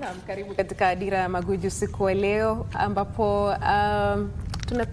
Naam, karibu katika Dira ya Maguju siku wa leo ambapo um,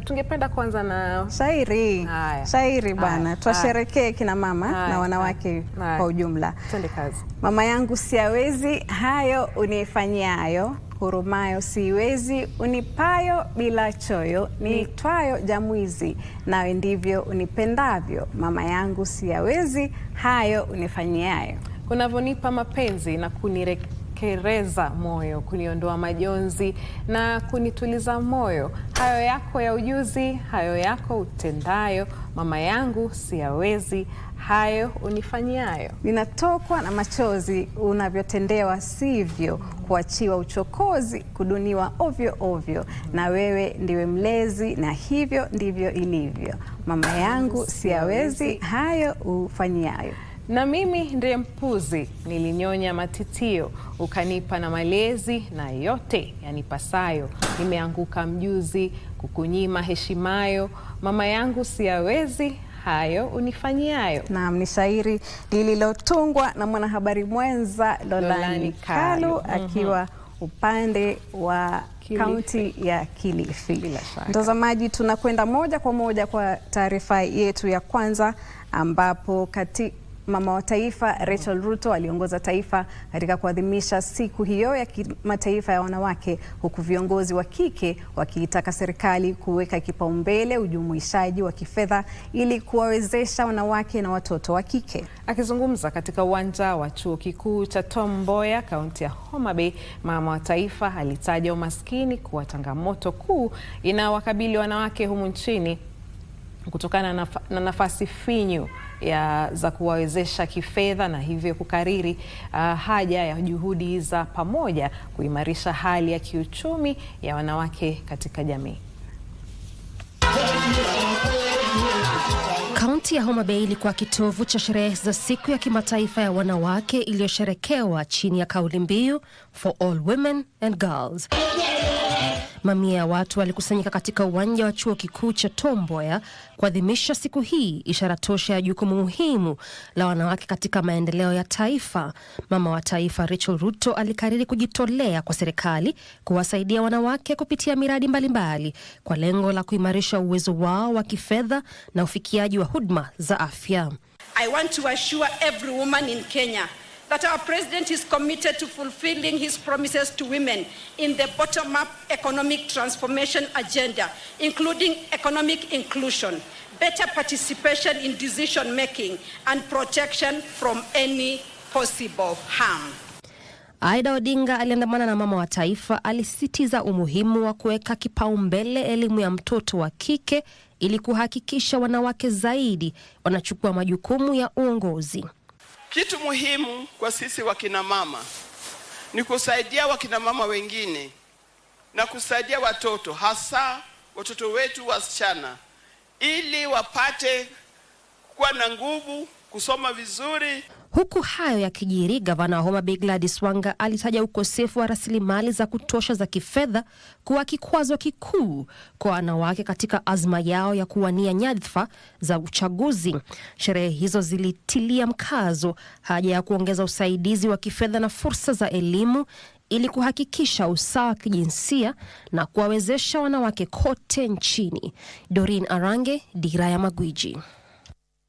tungependa kwanza na shairi Aya. Shairi bwana, twasherekee kina mama Aya. na wanawake Aya. kwa ujumla. Twende kazi. Mama yangu siawezi hayo unifanyayo, hurumayo siwezi unipayo bila choyo niitwayo jamwizi nawe ndivyo unipendavyo mama yangu siyawezi hayo unifanyayo, unavyonipa mapenzi na kunire kunikereza moyo, kuniondoa majonzi na kunituliza moyo. Hayo yako ya ujuzi, hayo yako utendayo, mama yangu siyawezi, hayo unifanyiayo Ninatokwa na machozi, unavyotendewa sivyo, kuachiwa uchokozi, kuduniwa ovyo ovyo, na wewe ndiwe mlezi, na hivyo ndivyo ilivyo. Mama yangu siyawezi, hayo ufanyiayo na mimi ndiye mpuzi, nilinyonya matitio, ukanipa na malezi, na yote yanipasayo. Nimeanguka mjuzi, kukunyima heshimayo, mama yangu siyawezi hayo unifanyiayo. Naam, ni shairi lililotungwa na mwanahabari mwenza Lolani Kalu mhm. akiwa upande wa kaunti ya Kilifi. Mtazamaji, tunakwenda moja kwa moja kwa taarifa yetu ya kwanza ambapo kati mama wa taifa Rachel Ruto aliongoza taifa katika kuadhimisha siku hiyo ya kimataifa ya wanawake, huku viongozi wa kike wakiitaka serikali kuweka kipaumbele ujumuishaji wa kifedha ili kuwawezesha wanawake na watoto wa kike. Akizungumza katika uwanja wa chuo kikuu cha Tom Mboya, kaunti ya Homa Bay, mama wa taifa alitaja umaskini kuwa changamoto kuu inayowakabili wanawake humu nchini kutokana na, nafasi finyu ya za kuwawezesha kifedha na hivyo kukariri uh, haja ya juhudi za pamoja kuimarisha hali ya kiuchumi ya wanawake katika jamii. Kaunti ya Homa Bay ilikuwa kitovu cha sherehe za siku ya kimataifa ya wanawake iliyosherekewa chini ya kauli mbiu For all women and girls. Mamia ya watu walikusanyika katika uwanja wa chuo kikuu cha Tom Mboya kuadhimisha siku hii, ishara tosha ya jukumu muhimu la wanawake katika maendeleo ya taifa. Mama wa taifa Rachel Ruto alikariri kujitolea kwa serikali kuwasaidia wanawake kupitia miradi mbalimbali mbali, kwa lengo la kuimarisha uwezo wao wa kifedha na ufikiaji wa huduma za afya. I want to assure every woman in Kenya that our president is committed to fulfilling his promises to women in the bottom-up economic transformation agenda, including economic inclusion, better participation in decision-making, and protection from any possible harm. Aida Odinga aliandamana na mama wa taifa, alisisitiza umuhimu wa kuweka kipaumbele elimu ya mtoto wa kike ili kuhakikisha wanawake zaidi wanachukua majukumu ya uongozi. Kitu muhimu kwa sisi wakinamama ni kusaidia wakinamama wengine na kusaidia watoto, hasa watoto wetu wasichana, ili wapate kuwa na nguvu kusoma vizuri. Huku hayo kijiri, gavana wa Homa Bay Gladys Wanga alitaja ukosefu wa rasilimali za kutosha za kifedha kuwa kikwazo kikuu kwa wanawake katika azma yao ya kuwania nyadhifa za uchaguzi. Sherehe hizo zilitilia mkazo haja ya kuongeza usaidizi wa kifedha na fursa za elimu ili kuhakikisha usawa wa kijinsia na kuwawezesha wanawake kote nchini. Doreen Arange, Dira ya Magwiji.